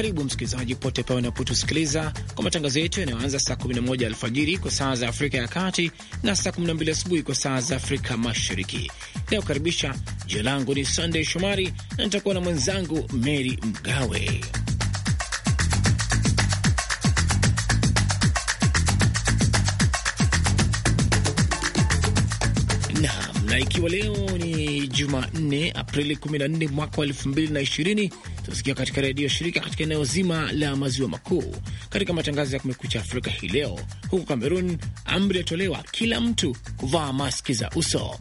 Karibu msikilizaji pote pale unapotusikiliza kwa matangazo yetu yanayoanza saa 11 alfajiri kwa saa za Afrika ya Kati na saa 12 asubuhi kwa saa za Afrika Mashariki. Inayokaribisha, jina langu ni sandey Shomari na nitakuwa na mwenzangu Mary Mgawe. Naam, na ikiwa leo ni Jumanne Aprili 14 mwaka wa 2020 tunasikia katika redio shirika katika eneo zima la maziwa makuu. Katika matangazo ya kumekucha Afrika hii leo, huko Kamerun amri yatolewa kila mtu kuvaa maski za uso,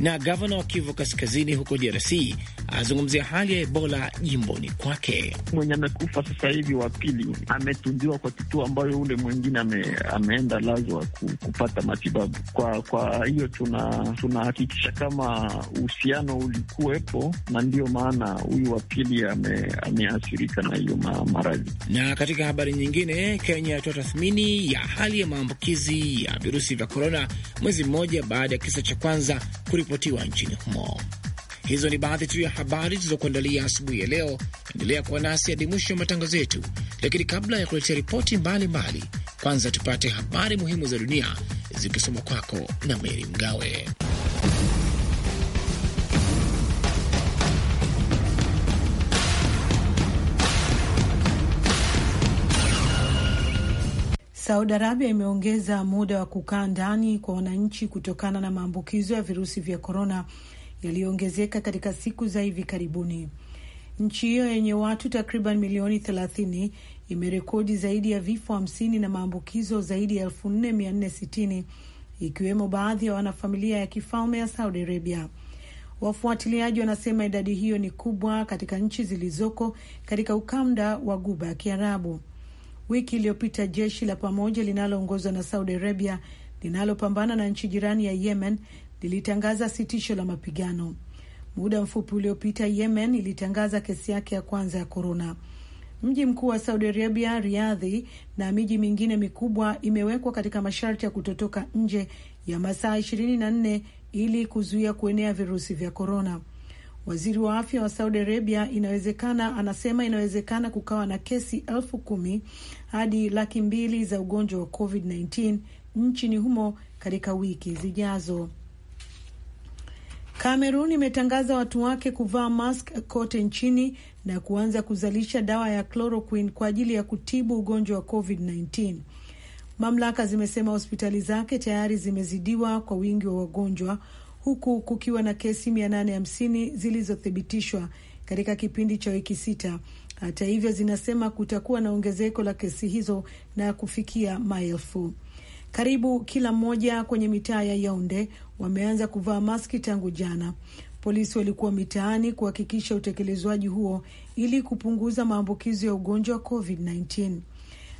na gavana wa Kivu Kaskazini huko DRC azungumzia hali ya Ebola jimboni kwake. Mwenye amekufa sasa hivi wa pili ametunziwa kwa kituo ambayo ule mwingine ame, ameenda lazwa ku, kupata matibabu. Kwa kwa hiyo tunahakikisha tuna kama uhusiano ulikuwepo, na ndiyo maana huyu wa pili ameathirika ame na hiyo maradhi. Na katika habari nyingine, Kenya yatoa tathmini ya hali ya maambukizi ya virusi vya korona mwezi mmoja baada ya kisa cha kwanza kuripotiwa nchini humo. Hizo ni baadhi tu ya habari zilizokuandalia asubuhi ya leo. Endelea kuwa nasi hadi mwisho wa matangazo yetu, lakini kabla ya kuletea ripoti mbalimbali, kwanza tupate habari muhimu za dunia zikisoma kwako na Meri Mgawe. Saudi Arabia imeongeza muda wa kukaa ndani kwa wananchi kutokana na maambukizo ya virusi vya korona yaliyoongezeka katika siku za hivi karibuni. Nchi hiyo yenye watu takriban milioni 30 imerekodi zaidi ya vifo 50 na maambukizo zaidi ya 4460 ikiwemo baadhi ya wanafamilia ya kifalme ya Saudi Arabia. Wafuatiliaji wanasema idadi hiyo ni kubwa katika nchi zilizoko katika ukanda wa Guba ya Kiarabu. Wiki iliyopita jeshi la pamoja linaloongozwa na Saudi Arabia linalopambana na nchi jirani ya Yemen lilitangaza sitisho la mapigano. Muda mfupi uliopita, Yemen ilitangaza kesi yake ya kwanza ya korona. Mji mkuu wa Saudi Arabia, Riadhi, na miji mingine mikubwa imewekwa katika masharti ya kutotoka nje ya masaa 24 ili kuzuia kuenea virusi vya korona. Waziri wa afya wa Saudi Arabia inawezekana anasema inawezekana kukawa na kesi elfu kumi hadi laki mbili za ugonjwa wa COVID-19 nchini humo katika wiki zijazo. Kamerun imetangaza watu wake kuvaa mask kote nchini na kuanza kuzalisha dawa ya chloroquine kwa ajili ya kutibu ugonjwa wa COVID-19. Mamlaka zimesema hospitali zake tayari zimezidiwa kwa wingi wa wagonjwa, huku kukiwa na kesi 850 zilizothibitishwa katika kipindi cha wiki sita. Hata hivyo, zinasema kutakuwa na ongezeko la kesi hizo na kufikia maelfu. Karibu kila mmoja kwenye mitaa ya Yaunde wameanza kuvaa maski tangu jana. Polisi walikuwa mitaani kuhakikisha utekelezwaji huo ili kupunguza maambukizo ya ugonjwa wa COVID-19.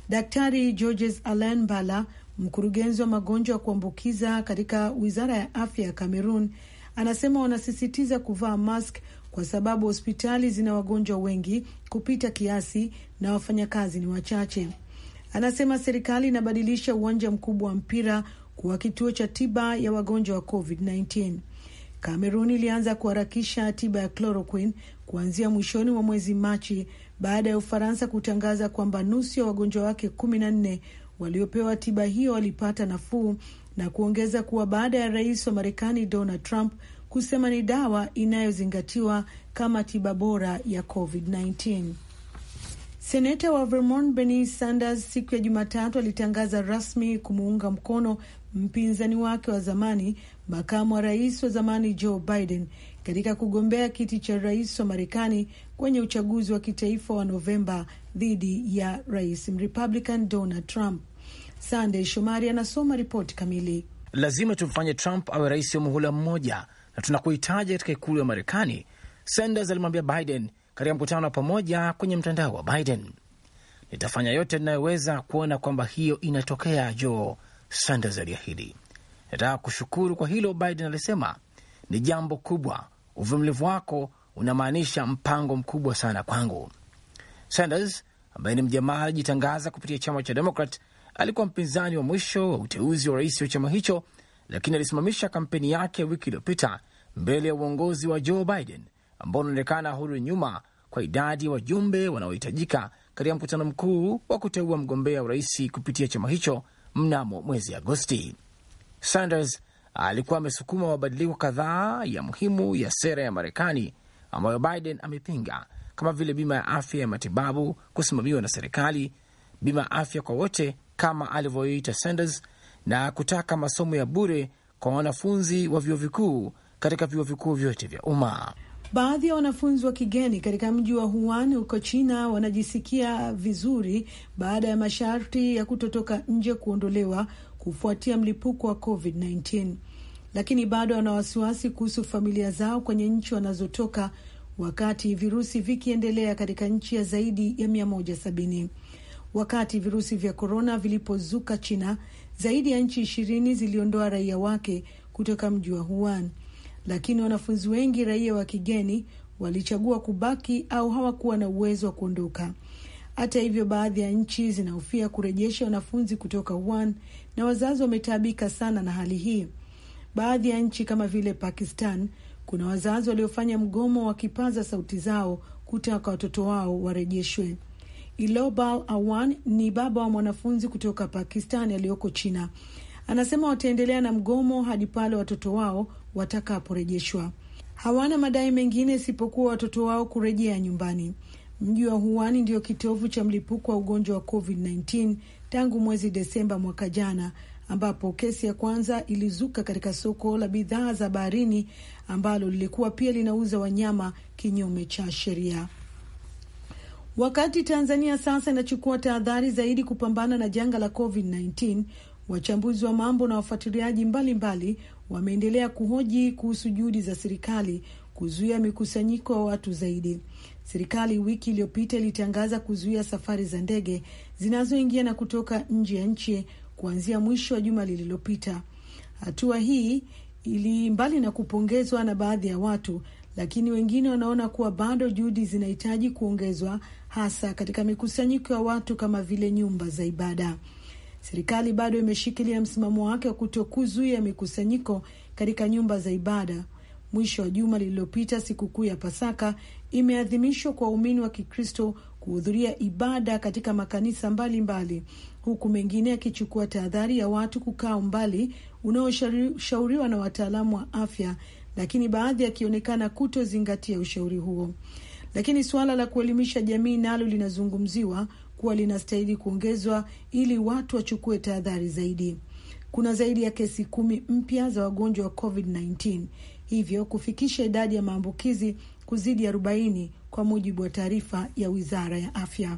Daktari Georges Alain Bala, mkurugenzi wa magonjwa ya kuambukiza katika wizara ya afya ya Cameroon, anasema wanasisitiza kuvaa mask kwa sababu hospitali zina wagonjwa wengi kupita kiasi na wafanyakazi ni wachache. Anasema serikali inabadilisha uwanja mkubwa wa mpira kuwa kituo cha tiba ya wagonjwa wa COVID-19. Kamerun ilianza kuharakisha tiba ya chloroquine kuanzia mwishoni mwa mwezi Machi baada ya Ufaransa kutangaza kwamba nusu ya wagonjwa wake kumi na nne waliopewa tiba hiyo walipata nafuu na kuongeza kuwa baada ya rais wa Marekani Donald Trump kusema ni dawa inayozingatiwa kama tiba bora ya COVID-19. Seneta wa Vermont Bernie Sanders siku ya Jumatatu alitangaza rasmi kumuunga mkono mpinzani wake wa zamani, makamu wa rais wa zamani Joe Biden katika kugombea kiti cha rais wa Marekani kwenye uchaguzi wa kitaifa wa Novemba dhidi ya rais Mrepublican Donald Trump. Sandey Shomari anasoma ripoti kamili. Lazima tumfanye Trump awe rais wa muhula mmoja na tunakuhitaji katika ikulu ya Marekani, Sanders alimwambia Biden katika mkutano wa pamoja kwenye mtandao wa Biden. Nitafanya yote ninayoweza kuona kwamba hiyo inatokea, Joe Sanders aliahidi. Nataka kushukuru kwa hilo, Biden alisema. Ni jambo kubwa, uvumilivu wako unamaanisha mpango mkubwa sana kwangu. Sanders ambaye ni mjamaa alijitangaza kupitia chama cha Demokrat alikuwa mpinzani wa mwisho wa uteuzi wa rais wa chama hicho, lakini alisimamisha kampeni yake wiki iliyopita mbele ya uongozi wa Joe Biden ambao unaonekana huru nyuma kwa idadi ya wajumbe wanaohitajika katika mkutano mkuu wa kuteua mgombea urais kupitia chama hicho mnamo mwezi Agosti. Sanders alikuwa amesukuma mabadiliko kadhaa ya muhimu ya sera ya Marekani ambayo Biden amepinga kama vile bima ya afya ya matibabu kusimamiwa na serikali, bima ya afya kwa wote kama alivyoita Sanders, na kutaka masomo ya bure kwa wanafunzi wa vyuo vikuu katika vyuo vikuu vyote vya umma. Baadhi ya wanafunzi wa kigeni katika mji wa Wuhan huko China wanajisikia vizuri baada ya masharti ya kutotoka nje kuondolewa kufuatia mlipuko wa COVID-19, lakini bado wana wasiwasi kuhusu familia zao kwenye nchi wanazotoka wakati virusi vikiendelea katika nchi ya zaidi ya 170. Wakati virusi vya korona vilipozuka China, zaidi ya nchi ishirini ziliondoa raia wake kutoka mji wa Wuhan lakini wanafunzi wengi raia wa kigeni walichagua kubaki au hawakuwa na uwezo wa kuondoka. Hata hivyo, baadhi ya nchi zinahofia kurejesha wanafunzi kutoka Wuhan na wazazi wametaabika sana na hali hii. Baadhi ya nchi kama vile Pakistan, kuna wazazi waliofanya mgomo wakipaza sauti zao kutaka watoto wao warejeshwe. Ilobal Awan ni baba wa mwanafunzi kutoka Pakistan aliyoko China Anasema wataendelea na mgomo hadi pale watoto wao watakaporejeshwa. Hawana madai mengine isipokuwa watoto wao kurejea nyumbani. Mji wa Wuhan ndio kitovu cha mlipuko wa ugonjwa wa COVID-19 tangu mwezi Desemba mwaka jana, ambapo kesi ya kwanza ilizuka katika soko la bidhaa za baharini ambalo lilikuwa pia linauza wanyama kinyume cha sheria. Wakati Tanzania sasa inachukua tahadhari zaidi kupambana na janga la COVID-19, Wachambuzi wa mambo na wafuatiliaji mbalimbali wameendelea kuhoji kuhusu juhudi za serikali kuzuia mikusanyiko ya wa watu zaidi. Serikali wiki iliyopita ilitangaza kuzuia safari za ndege zinazoingia na kutoka nje ya nchi kuanzia mwisho wa juma lililopita. Hatua hii ili mbali na kupongezwa na baadhi ya watu, lakini wengine wanaona kuwa bado juhudi zinahitaji kuongezwa, hasa katika mikusanyiko ya watu kama vile nyumba za ibada serikali bado imeshikilia msimamo wake wa kutokuzuia mikusanyiko katika nyumba za ibada. Mwisho wa juma lililopita, sikukuu ya Pasaka imeadhimishwa kwa waumini wa Kikristo kuhudhuria ibada katika makanisa mbalimbali mbali, huku mengine yakichukua tahadhari ya watu kukaa umbali unaoshauriwa na wataalamu wa afya, lakini baadhi yakionekana kutozingatia ushauri huo. Lakini suala la kuelimisha jamii nalo linazungumziwa kuwa linastahili kuongezwa ili watu wachukue tahadhari zaidi. Kuna zaidi ya kesi kumi mpya za wagonjwa wa COVID-19, hivyo kufikisha idadi ya maambukizi kuzidi 40 kwa mujibu wa taarifa ya wizara ya afya.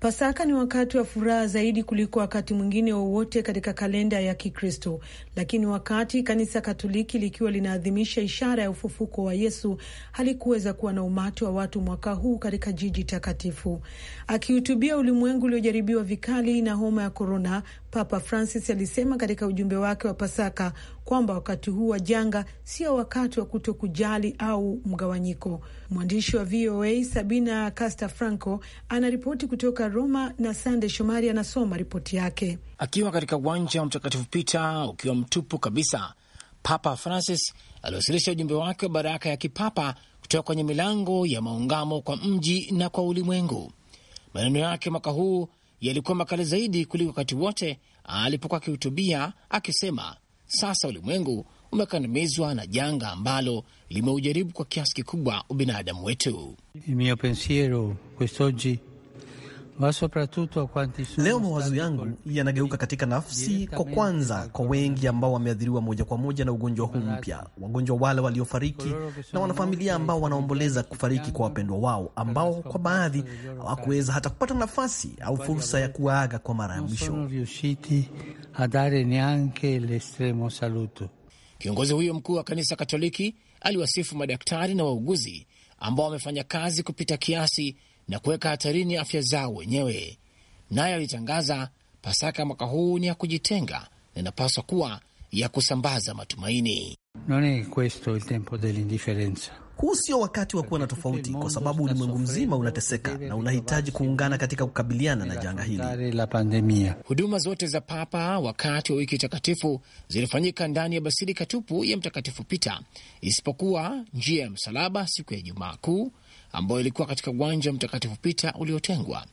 Pasaka ni wakati wa furaha zaidi kuliko wakati mwingine wowote katika kalenda ya Kikristo, lakini wakati kanisa Katoliki likiwa linaadhimisha ishara ya ufufuko wa Yesu halikuweza kuwa na umati wa watu mwaka huu katika jiji takatifu. Akihutubia ulimwengu uliojaribiwa vikali na homa ya korona, Papa Francis alisema katika ujumbe wake wa Pasaka kwamba wakati huu wa janga sio wakati wa kuto kujali au mgawanyiko. Mwandishi wa VOA Sabina Casta Franco anaripoti kutoka Roma na Sande Shomari anasoma ripoti yake. Akiwa katika uwanja wa Mtakatifu Pita ukiwa mtupu kabisa, Papa Francis aliwasilisha ujumbe wake wa baraka ya kipapa kutoka kwenye milango ya maungamo kwa mji na kwa ulimwengu. Maneno yake mwaka huu yalikuwa makali zaidi kuliko wakati wote alipokuwa akihutubia, akisema sasa ulimwengu umekandamizwa na janga ambalo limeujaribu kwa kiasi kikubwa ubinadamu wetu. il mio pensiero quest'oggi Leo mawazo yangu yanageuka katika nafsi kwa kwanza kwa wengi ambao wameathiriwa moja kwa moja na ugonjwa huu mpya, wagonjwa wale waliofariki na wanafamilia ambao wanaomboleza kufariki kwa wapendwa wao ambao kwa baadhi hawakuweza hata kupata nafasi au fursa ya kuwaaga kwa mara ya mwisho. Kiongozi huyo mkuu wa kanisa Katoliki aliwasifu madaktari na wauguzi ambao wamefanya kazi kupita kiasi na kuweka hatarini afya zao wenyewe. Naye alitangaza Pasaka mwaka huu ni ya kujitenga na inapaswa kuwa ya kusambaza matumaini. Non è questo il tempo dell'indifferenza. Huu sio wakati wa kuwa na tofauti, kwa sababu ulimwengu mzima unateseka na unahitaji kuungana katika kukabiliana na janga hili. Huduma zote za Papa wakati wa wiki takatifu zilifanyika ndani ya basilika tupu ya Mtakatifu Pita, isipokuwa njia ya msalaba siku ya Ijumaa Kuu ambayo ilikuwa katika uwanja Mtakatifu Pita uliotengwa.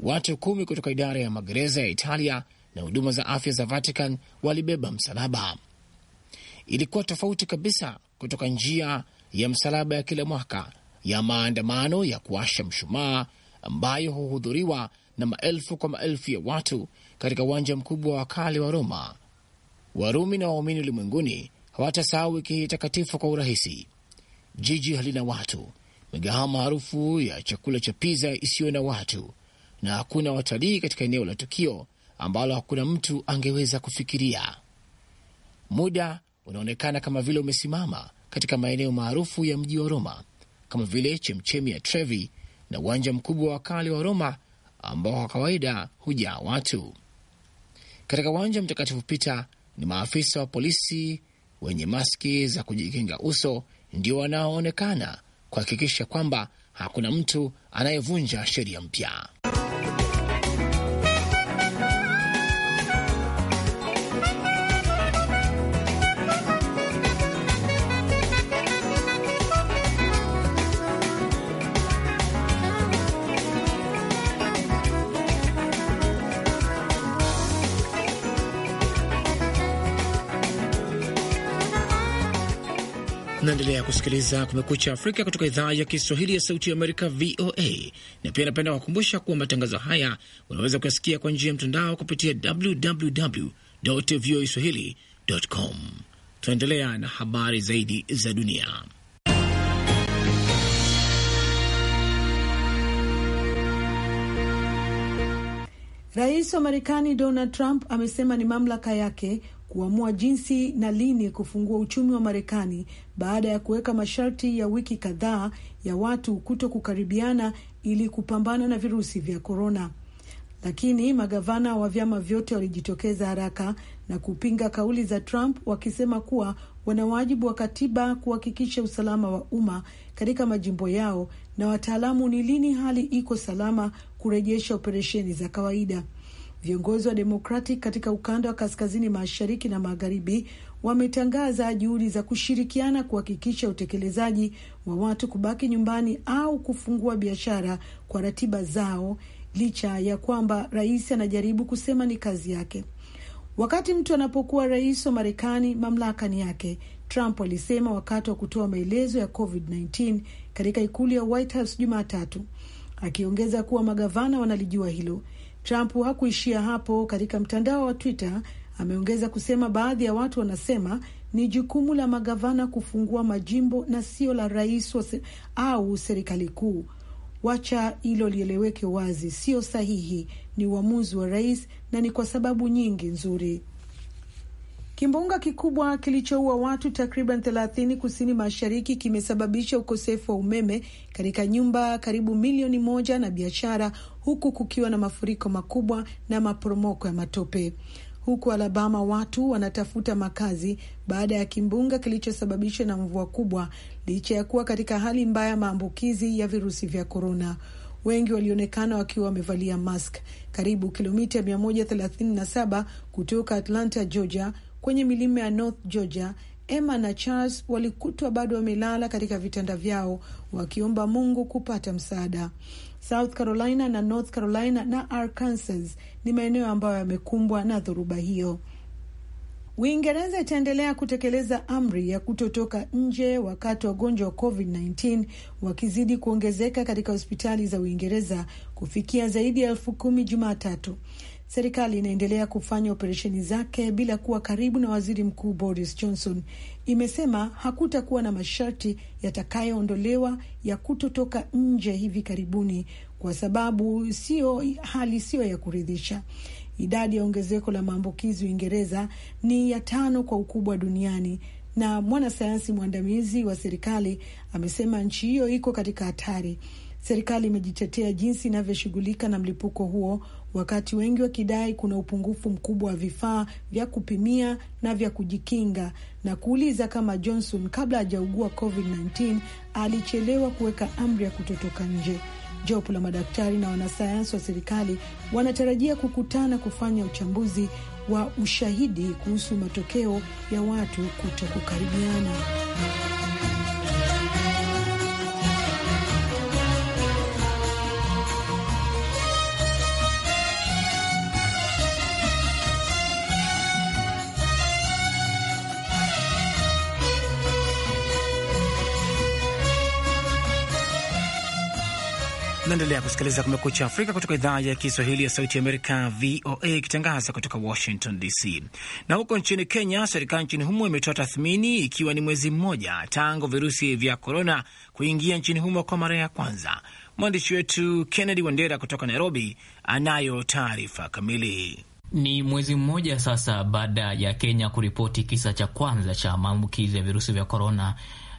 Watu kumi kutoka idara ya magereza ya Italia na huduma za afya za Vatican walibeba msalaba. Ilikuwa tofauti kabisa kutoka njia ya msalaba ya kila mwaka ya maandamano ya kuasha mshumaa ambayo huhudhuriwa na maelfu kwa maelfu ya watu katika uwanja mkubwa wa kale wa Roma. Warumi na waumini ulimwenguni hawatasahau wiki hii takatifu kwa urahisi. Jiji halina watu, migahawa maarufu ya chakula cha piza isiyo na watu na hakuna watalii katika eneo la tukio ambalo hakuna mtu angeweza kufikiria. Muda unaonekana kama vile umesimama katika maeneo maarufu ya mji wa Roma kama vile chemchemi ya Trevi na uwanja mkubwa wa kale wa Roma ambao kwa kawaida hujaa watu. Katika uwanja Mtakatifu Pita ni maafisa wa polisi wenye maski za kujikinga uso ndio wanaoonekana kuhakikisha kwamba hakuna mtu anayevunja sheria mpya. Naendelea kusikiliza Kumekucha Afrika kutoka idhaa ya Kiswahili ya Sauti ya Amerika, VOA. Na pia napenda kukumbusha kuwa matangazo haya unaweza kuyasikia kwa njia ya mtandao kupitia www voa swahili.com. Tunaendelea na habari zaidi za dunia. Rais wa Marekani Donald Trump amesema ni mamlaka yake kuamua jinsi na lini kufungua uchumi wa Marekani baada ya kuweka masharti ya wiki kadhaa ya watu kuto kukaribiana ili kupambana na virusi vya korona. Lakini magavana wa vyama vyote walijitokeza haraka na kupinga kauli za Trump wakisema kuwa wana wajibu wa katiba kuhakikisha usalama wa umma katika majimbo yao na wataalamu ni lini hali iko salama kurejesha operesheni za kawaida. Viongozi wa Democratic katika ukanda wa kaskazini mashariki na magharibi wametangaza juhudi za kushirikiana kuhakikisha utekelezaji wa watu kubaki nyumbani au kufungua biashara kwa ratiba zao, licha ya kwamba rais anajaribu kusema ni kazi yake. Wakati mtu anapokuwa rais wa Marekani, mamlaka ni yake, Trump alisema wakati wa kutoa maelezo ya COVID-19 katika ikulu ya White House Jumatatu, akiongeza kuwa magavana wanalijua hilo. Trump hakuishia hapo. Katika mtandao wa Twitter ameongeza kusema baadhi ya watu wanasema ni jukumu la magavana kufungua majimbo na sio la rais se, au serikali kuu. Wacha hilo lieleweke wazi, sio sahihi. Ni uamuzi wa rais na ni kwa sababu nyingi nzuri. Kimbunga kikubwa kilichoua watu takriban thelathini kusini mashariki kimesababisha ukosefu wa umeme katika nyumba karibu milioni moja na biashara, huku kukiwa na mafuriko makubwa na maporomoko ya matope. Huku Alabama watu wanatafuta makazi baada ya kimbunga kilichosababishwa na mvua kubwa, licha ya kuwa katika hali mbaya maambukizi ya virusi vya korona. Wengi walionekana wakiwa wamevalia mask. Karibu kilomita 137 kutoka Atlanta, Georgia kwenye milima ya North Georgia, Emma na Charles walikutwa bado wamelala katika vitanda vyao wakiomba Mungu kupata msaada. South Carolina na North Carolina na Arkansas ni maeneo ambayo yamekumbwa na dhoruba hiyo. Uingereza itaendelea kutekeleza amri ya kutotoka nje wakati wagonjwa wa COVID-19 wakizidi kuongezeka katika hospitali za Uingereza kufikia zaidi ya elfu kumi Jumatatu. Serikali inaendelea kufanya operesheni zake bila kuwa karibu na waziri mkuu Boris Johnson. Imesema hakutakuwa na masharti yatakayoondolewa ya kutotoka nje hivi karibuni, kwa sababu sio hali siyo ya kuridhisha. Idadi ya ongezeko la maambukizi Uingereza ni ya tano kwa ukubwa duniani, na mwanasayansi mwandamizi wa serikali amesema nchi hiyo iko katika hatari. Serikali imejitetea jinsi inavyoshughulika na mlipuko huo, wakati wengi wakidai kuna upungufu mkubwa wa vifaa vya kupimia na vya kujikinga na kuuliza kama Johnson kabla hajaugua COVID-19 alichelewa kuweka amri ya kutotoka nje. Jopo la madaktari na wanasayansi wa serikali wanatarajia kukutana kufanya uchambuzi wa ushahidi kuhusu matokeo ya watu kuto kukaribiana. Naendelea kusikiliza Kumekucha Afrika kutoka idhaa ya Kiswahili ya Sauti Amerika, VOA, ikitangaza kutoka Washington DC. Na huko nchini Kenya, serikali nchini humo imetoa tathmini, ikiwa ni mwezi mmoja tangu virusi vya korona kuingia nchini humo kwa mara ya kwanza. Mwandishi wetu Kennedy Wandera kutoka Nairobi anayo taarifa kamili. Ni mwezi mmoja sasa baada ya Kenya kuripoti kisa cha kwanza cha maambukizi ya virusi vya korona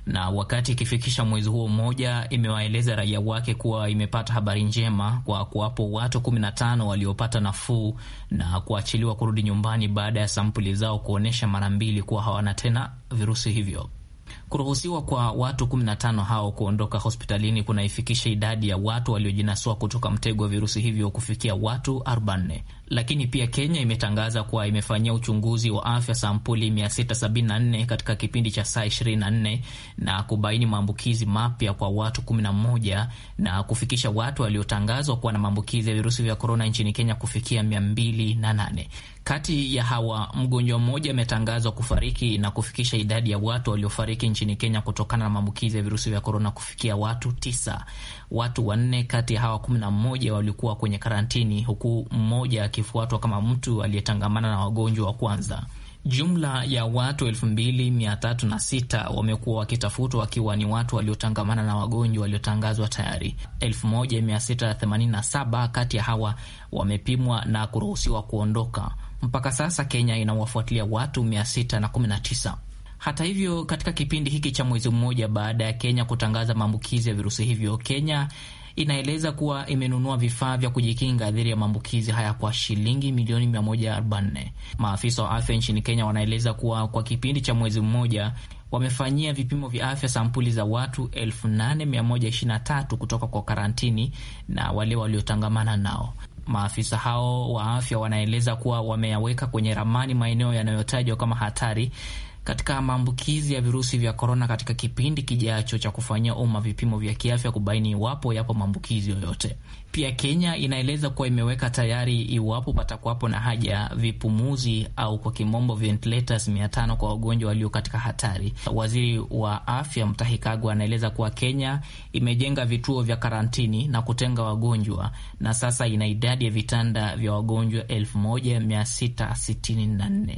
na wakati ikifikisha mwezi huo mmoja, imewaeleza raia wake kuwa imepata habari njema kwa kuwapo watu 15 waliopata nafuu na kuachiliwa kurudi nyumbani baada ya sampuli zao kuonyesha mara mbili kuwa hawana tena virusi hivyo. Kuruhusiwa kwa watu 15 hao kuondoka hospitalini kunaifikisha idadi ya watu waliojinasua kutoka mtego wa virusi hivyo kufikia watu 40. Lakini pia Kenya imetangaza kuwa imefanyia uchunguzi wa afya sampuli 674 katika kipindi cha saa 24 na kubaini maambukizi mapya kwa watu 11 na kufikisha watu waliotangazwa kuwa na maambukizi ya virusi vya korona nchini Kenya kufikia 208. Kati ya hawa mgonjwa mmoja ametangazwa kufariki na kufikisha idadi ya watu waliofariki nchini Kenya kutokana na maambukizi ya virusi vya korona kufikia watu tisa. Watu wanne kati ya hawa kumi na mmoja walikuwa kwenye karantini, huku mmoja akifuatwa kama mtu aliyetangamana na wagonjwa wa kwanza. Jumla ya watu 2306 wamekuwa wakitafutwa wakiwa ni watu waliotangamana na wagonjwa waliotangazwa tayari. 1687 kati ya hawa wamepimwa na kuruhusiwa kuondoka mpaka sasa Kenya inawafuatilia watu 619. Hata hivyo, katika kipindi hiki cha mwezi mmoja baada ya Kenya kutangaza maambukizi ya virusi hivyo, Kenya inaeleza kuwa imenunua vifaa vya kujikinga dhidi ya maambukizi haya kwa shilingi milioni 144. Maafisa wa afya nchini Kenya wanaeleza kuwa kwa kipindi cha mwezi mmoja wamefanyia vipimo vya afya sampuli za watu 8123 kutoka kwa karantini na wale waliotangamana nao. Maafisa hao wa afya wanaeleza kuwa wameyaweka kwenye ramani maeneo yanayotajwa kama hatari katika maambukizi ya virusi vya korona katika kipindi kijacho cha kufanyia umma vipimo vya kiafya kubaini iwapo yapo maambukizi yoyote. Pia Kenya inaeleza kuwa imeweka tayari iwapo patakuwapo na haja vipumuzi au kwa kimombo ventilators mia kwa wagonjwa walio katika hatari. Waziri wa afya Mutahi Kagwe anaeleza kuwa Kenya imejenga vituo vya karantini na kutenga wagonjwa na sasa ina idadi ya vitanda vya wagonjwa 1664.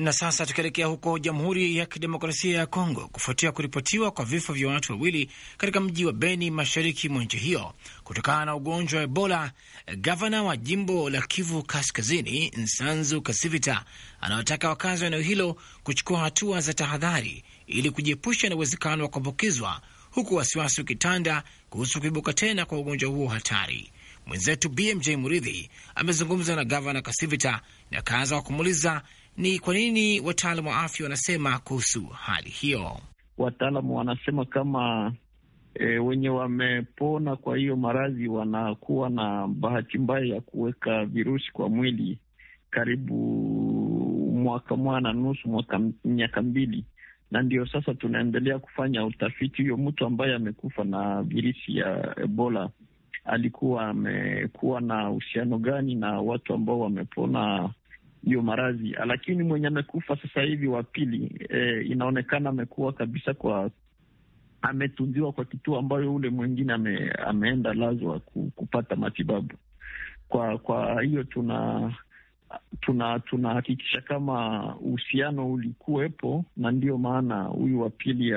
Na sasa tukielekea huko Jamhuri ya Kidemokrasia ya Kongo, kufuatia kuripotiwa kwa vifo vya watu wawili katika mji wa Beni, mashariki mwa nchi hiyo, kutokana na ugonjwa wa Ebola, gavana wa jimbo la Kivu Kaskazini, Nsanzu Kasivita, anawataka wakazi wa eneo hilo kuchukua hatua za tahadhari ili kujiepusha na uwezekano wa kuambukizwa, huku wasiwasi ukitanda kuhusu kuibuka tena kwa ugonjwa huo hatari. Mwenzetu BMJ Muridhi amezungumza na gavana Kasivita na kaanza wa kumuuliza ni kwa nini wataalam wa afya wanasema kuhusu hali hiyo? Wataalamu wanasema kama e, wenye wamepona kwa hiyo maradhi wanakuwa na bahati mbaya ya kuweka virusi kwa mwili karibu mwaka mwa na nusu mwaka miaka mbili, na ndio sasa tunaendelea kufanya utafiti. Huyo mtu ambaye amekufa na virusi ya Ebola alikuwa amekuwa na uhusiano gani na watu ambao wamepona hiyo maradhi, lakini mwenye amekufa sasa hivi wa pili e, inaonekana amekuwa kabisa kwa ametunziwa kwa kituo ambayo ule mwingine ame, ameenda lazwa kupata matibabu. Kwa kwa hiyo tuna tunahakikisha tuna kama uhusiano ulikuwepo, na ndiyo maana huyu wa pili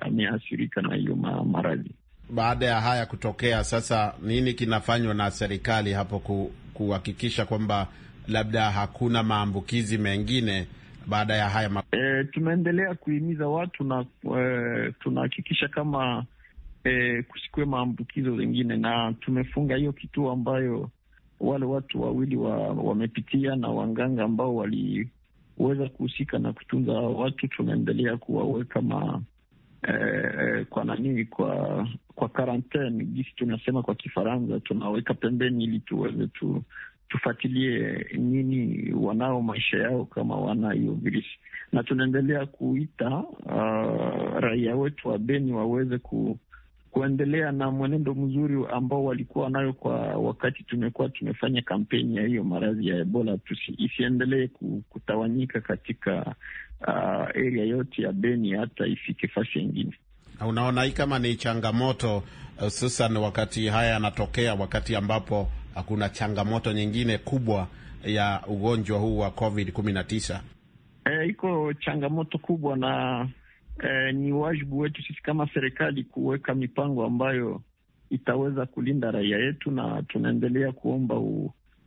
ameathirika na hiyo maradhi. Baada ya haya kutokea, sasa nini kinafanywa na serikali hapo kuhakikisha kwamba labda hakuna maambukizi mengine baada ya haya ma e, tumeendelea kuhimiza watu na e, tunahakikisha kama e, kusikue maambukizo zengine na tumefunga hiyo kituo ambayo wale watu wawili wamepitia na wanganga ambao waliweza kuhusika na kutunza watu, tunaendelea kuwaweka ma e, kwa nani, kwa kwa karanteni, jinsi tunasema kwa Kifaransa, tunaweka pembeni ili tuweze tu tufuatilie nini wanao maisha yao kama wana hiyo virusi, na tunaendelea kuita uh, raia wetu wa Beni waweze ku, kuendelea na mwenendo mzuri ambao walikuwa nayo kwa wakati tumekuwa tumefanya kampeni ya hiyo maradhi ya Ebola, tusi, isiendelee kutawanyika katika uh, area yote ya Beni hata ifike fasi ingine Unaona hii kama ni changamoto hususan, uh, wakati haya yanatokea, wakati ambapo kuna changamoto nyingine kubwa ya ugonjwa huu wa COVID kumi na tisa? E, eh, iko changamoto kubwa na e, ni wajibu wetu sisi kama serikali kuweka mipango ambayo itaweza kulinda raia yetu, na tunaendelea kuomba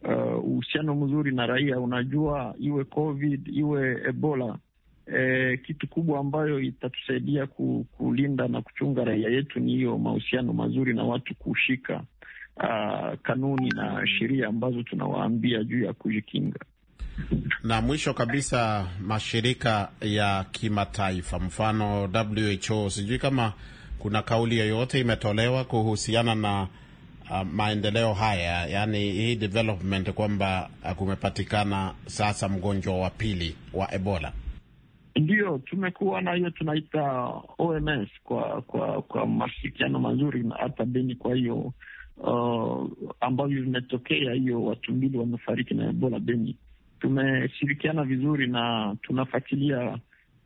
eh, uhusiano mzuri na raia. Unajua, iwe COVID iwe Ebola, e, kitu kubwa ambayo itatusaidia kulinda na kuchunga raia yetu ni hiyo mahusiano mazuri na watu kushika uh, kanuni na sheria ambazo tunawaambia juu ya kujikinga. Na mwisho kabisa, mashirika ya kimataifa, mfano WHO, sijui kama kuna kauli yoyote imetolewa kuhusiana na uh, maendeleo haya, yani hii development kwamba uh, kumepatikana sasa mgonjwa wa pili wa Ebola. Ndiyo, tumekuwa na hiyo tunaita OMS kwa kwa kwa mashirikiano mazuri na hata Beni. Kwa hiyo uh, ambavyo vimetokea, hiyo watu mbili wamefariki na Ebola Beni. Tumeshirikiana vizuri na tunafuatilia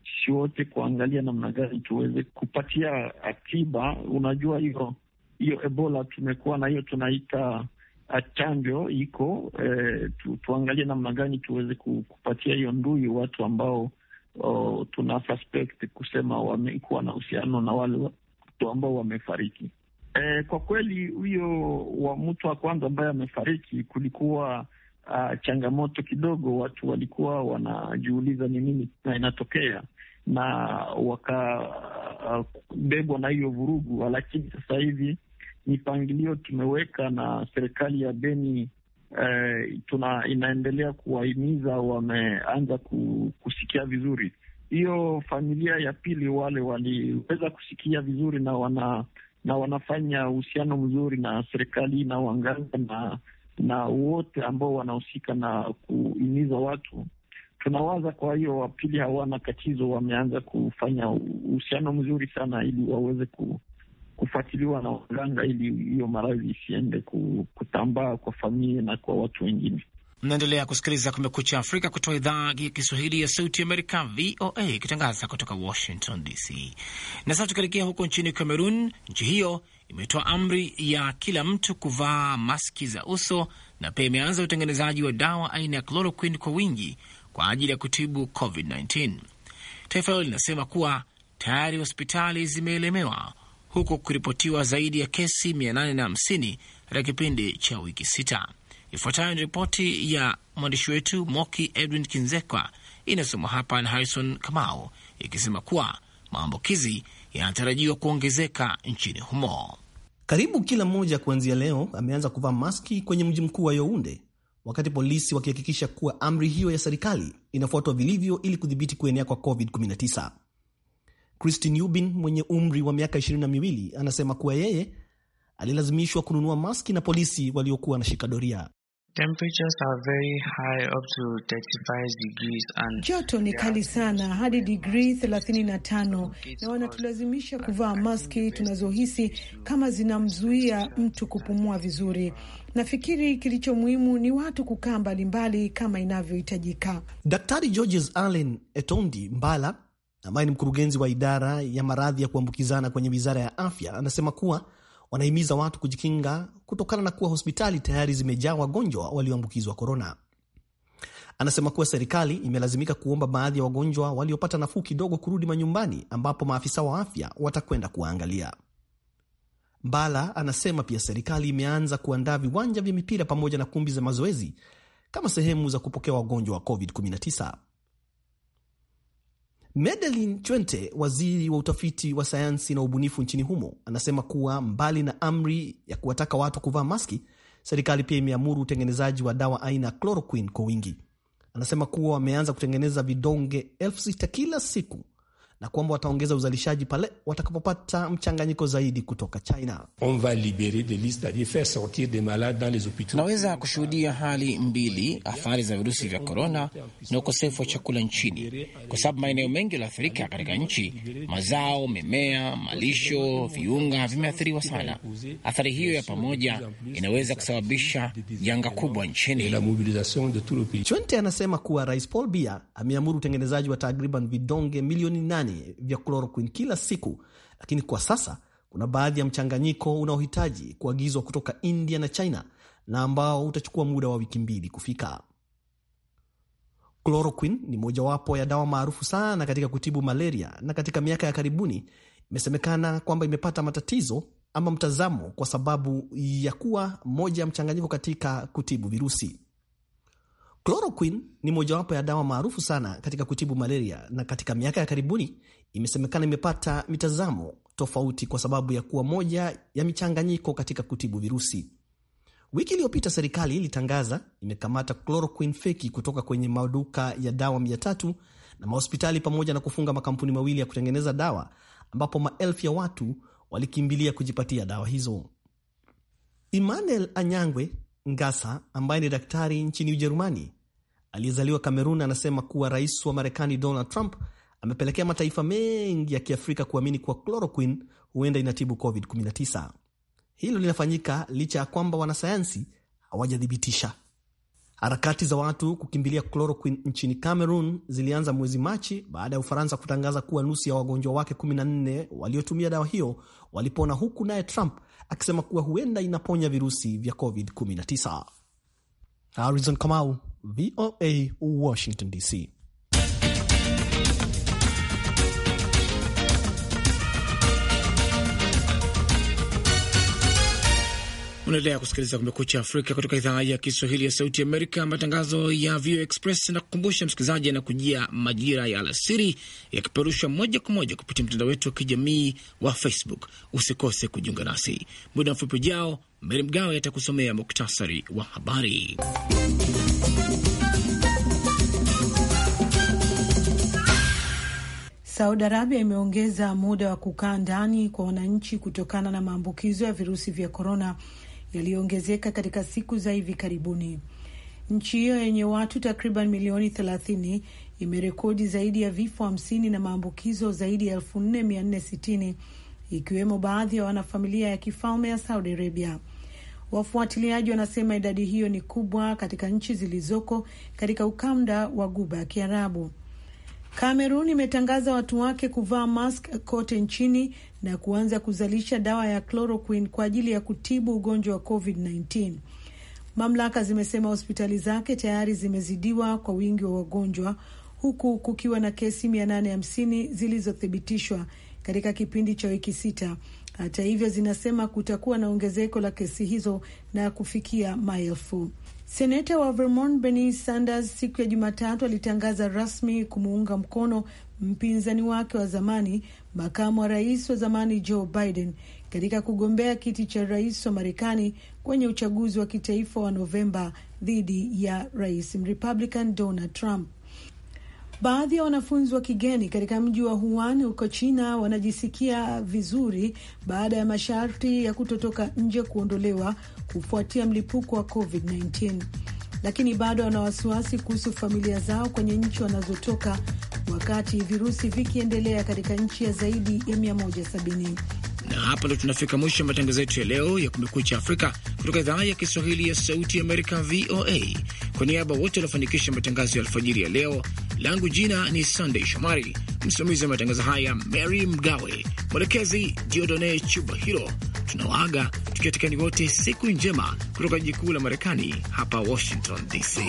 sisi wote kuangalia namna gani tuweze kupatia atiba. Unajua hiyo hiyo Ebola tumekuwa na hiyo tunaita chanjo iko e, tu, tuangalie namna gani tuweze kupatia hiyo nduyu watu ambao oh, tuna suspect kusema wamekuwa na uhusiano na wale watu ambao wamefariki. E, kwa kweli huyo wa mtu wa kwanza ambaye amefariki kulikuwa uh, changamoto kidogo. Watu walikuwa wanajiuliza ni nini na inatokea na wakabebwa ah, uh, na hiyo vurugu, lakini sasa hivi mipangilio tumeweka na serikali ya Beni eh, tuna, inaendelea kuwahimiza, wameanza kusikia vizuri. Hiyo familia ya pili wale waliweza kusikia vizuri na wana na wanafanya uhusiano mzuri na serikali na wanganga na na wote ambao wanahusika na kuhimiza watu. Tunawaza kwa hiyo, wapili hawana tatizo, wameanza kufanya uhusiano mzuri sana ili waweze ku, kufuatiliwa na waganga ili hiyo maradhi isiende kutambaa kwa familia na kwa watu wengine. Mnaendelea kusikiliza Kumekucha Afrika kutoka idhaa ya Kiswahili ya Sauti Amerika, VOA, ikitangaza kutoka Washington DC. Na sasa tukielekea huko nchini Cameroon, nchi hiyo imetoa amri ya kila mtu kuvaa maski za uso na pia imeanza utengenezaji wa dawa aina ya chloroquine kwa wingi kwa ajili ya kutibu COVID-19. Taifa hilo linasema kuwa tayari hospitali zimeelemewa huku kuripotiwa zaidi ya kesi 850 katika kipindi cha wiki sita. Ifuatayo ni ripoti ya mwandishi wetu Moki Edwin Kinzekwa, inasoma hapa na Harrison Kamau, ikisema kuwa maambukizi yanatarajiwa kuongezeka nchini humo. Karibu kila mmoja kuanzia leo ameanza kuvaa maski kwenye mji mkuu wa younde wakati polisi wakihakikisha kuwa amri hiyo ya serikali inafuatwa vilivyo ili kudhibiti kuenea kwa COVID-19. Christine Yubin mwenye umri wa miaka ishirini miwili anasema kuwa yeye alilazimishwa kununua maski na polisi waliokuwa shika doria. Temperatures are very high up to 35 degrees and joto ni kali sana hadi digrii 35, na wanatulazimisha kuvaa maski tunazohisi kama zinamzuia mtu kupumua vizuri. Nafikiri kilicho muhimu ni watu kukaa mbalimbali kama inavyohitajika. Daktari Georges Allen Etondi Mbala ambaye ni mkurugenzi wa idara ya maradhi ya kuambukizana kwenye wizara ya afya anasema kuwa wanahimiza watu kujikinga kutokana na kuwa hospitali tayari zimejaa wagonjwa walioambukizwa korona. Anasema kuwa serikali imelazimika kuomba baadhi ya wagonjwa waliopata nafuu kidogo kurudi manyumbani, ambapo maafisa wa afya watakwenda kuwaangalia. Mbala anasema pia serikali imeanza kuandaa viwanja vya mipira pamoja na kumbi za mazoezi kama sehemu za kupokea wagonjwa wa COVID-19. Medelin Chwente, waziri wa utafiti wa sayansi na ubunifu nchini humo, anasema kuwa mbali na amri ya kuwataka watu kuvaa maski, serikali pia imeamuru utengenezaji wa dawa aina ya chloroquine kwa wingi. Anasema kuwa wameanza kutengeneza vidonge elfu sita kila siku na kwamba wataongeza uzalishaji pale watakapopata mchanganyiko zaidi kutoka China. Tunaweza kushuhudia hali mbili, athari za virusi vya korona na ukosefu wa chakula nchini, kwa sababu maeneo mengi yaliyoathirika katika nchi, mazao, mimea, malisho, viunga vimeathiriwa sana. Athari hiyo ya pamoja inaweza kusababisha janga kubwa nchini. Chwente anasema kuwa Rais Paul Bia ameamuru utengenezaji wa takriban vidonge milioni nane vidonge yaani, vya chloroquine kila siku, lakini kwa sasa kuna baadhi ya mchanganyiko unaohitaji kuagizwa kutoka India na China na ambao utachukua muda wa wiki mbili kufika. Chloroquine ni mojawapo ya dawa maarufu sana katika kutibu malaria, na katika miaka ya karibuni imesemekana kwamba imepata matatizo ama mtazamo kwa sababu ya kuwa moja ya mchanganyiko katika kutibu virusi. Chloroquine ni mojawapo ya dawa maarufu sana katika kutibu malaria, na katika miaka ya karibuni imesemekana imepata mitazamo tofauti kwa sababu ya kuwa moja ya michanganyiko katika kutibu virusi. Wiki iliyopita serikali ilitangaza imekamata chloroquine feki kutoka kwenye maduka ya dawa mia tatu na mahospitali pamoja na kufunga makampuni mawili ya kutengeneza dawa ambapo maelfu ya watu walikimbilia kujipatia dawa hizo. Emmanuel Anyangwe Ngasa ambaye ni daktari nchini Ujerumani aliyezaliwa Kamerun anasema kuwa rais wa Marekani Donald Trump amepelekea mataifa mengi ya Kiafrika kuamini kuwa chloroquine huenda inatibu COVID-19. Hilo linafanyika licha ya kwamba wanasayansi hawajathibitisha. Harakati za watu kukimbilia chloroquine nchini Cameroon zilianza mwezi Machi baada ya Ufaransa kutangaza kuwa nusu ya wagonjwa wake 14 waliotumia dawa hiyo walipona, huku naye Trump akisema kuwa huenda inaponya virusi vya COVID-19. Harrison Kamau, VOA Washington DC. Unaendelea kusikiliza Kumekucha Afrika kutoka idhaa ya Kiswahili ya Sauti Amerika, matangazo ya VOA Express na kukumbusha msikilizaji na kujia majira ya alasiri yakiperushwa moja kwa moja kupitia mtandao wetu wa kijamii wa Facebook. Usikose kujiunga nasi muda mfupi ujao. Meri Mgawe atakusomea muktasari wa habari. Saudi Arabia imeongeza muda wa kukaa ndani kwa wananchi kutokana na maambukizo ya virusi vya korona yaliyoongezeka katika siku za hivi karibuni. Nchi hiyo yenye watu takriban milioni 30 imerekodi zaidi ya vifo hamsini na maambukizo zaidi ya elfu ikiwemo baadhi ya wanafamilia ya kifalme ya Saudi Arabia. Wafuatiliaji wanasema idadi hiyo ni kubwa katika nchi zilizoko katika ukanda wa Guba ya Kiarabu. Kamerun imetangaza watu wake kuvaa mask kote nchini na kuanza kuzalisha dawa ya chloroquine kwa ajili ya kutibu ugonjwa wa COVID-19. Mamlaka zimesema hospitali zake tayari zimezidiwa kwa wingi wa wagonjwa, huku kukiwa na kesi 850 zilizothibitishwa katika kipindi cha wiki sita hata hivyo, zinasema kutakuwa na ongezeko la kesi hizo na kufikia maelfu. Seneta wa Vermont Bernie Sanders siku ya Jumatatu alitangaza rasmi kumuunga mkono mpinzani wake wa zamani, makamu wa rais wa zamani Joe Biden katika kugombea kiti cha rais wa Marekani kwenye uchaguzi wa kitaifa wa Novemba dhidi ya rais Mrepublican Donald Trump. Baadhi ya wanafunzi wa kigeni katika mji wa Wuhan huko China wanajisikia vizuri baada ya masharti ya kutotoka nje kuondolewa kufuatia mlipuko wa COVID-19, lakini bado wana wasiwasi kuhusu familia zao kwenye nchi wanazotoka, wakati virusi vikiendelea katika nchi ya zaidi ya 170. Na hapa ndo tunafika mwisho wa matangazo yetu ya leo ya Kumekucha Afrika kutoka idhaa ya Kiswahili ya Sauti ya Amerika, VOA. Kwa niaba wote waliofanikisha matangazo ya alfajiri ya leo, langu jina ni Sandey Shomari, msimamizi wa matangazo haya Mary Mgawe, mwelekezi Diodone Chuba Hiro. Tunawaaga tukiatikani wote siku njema kutoka jiji kuu la Marekani, hapa Washington DC.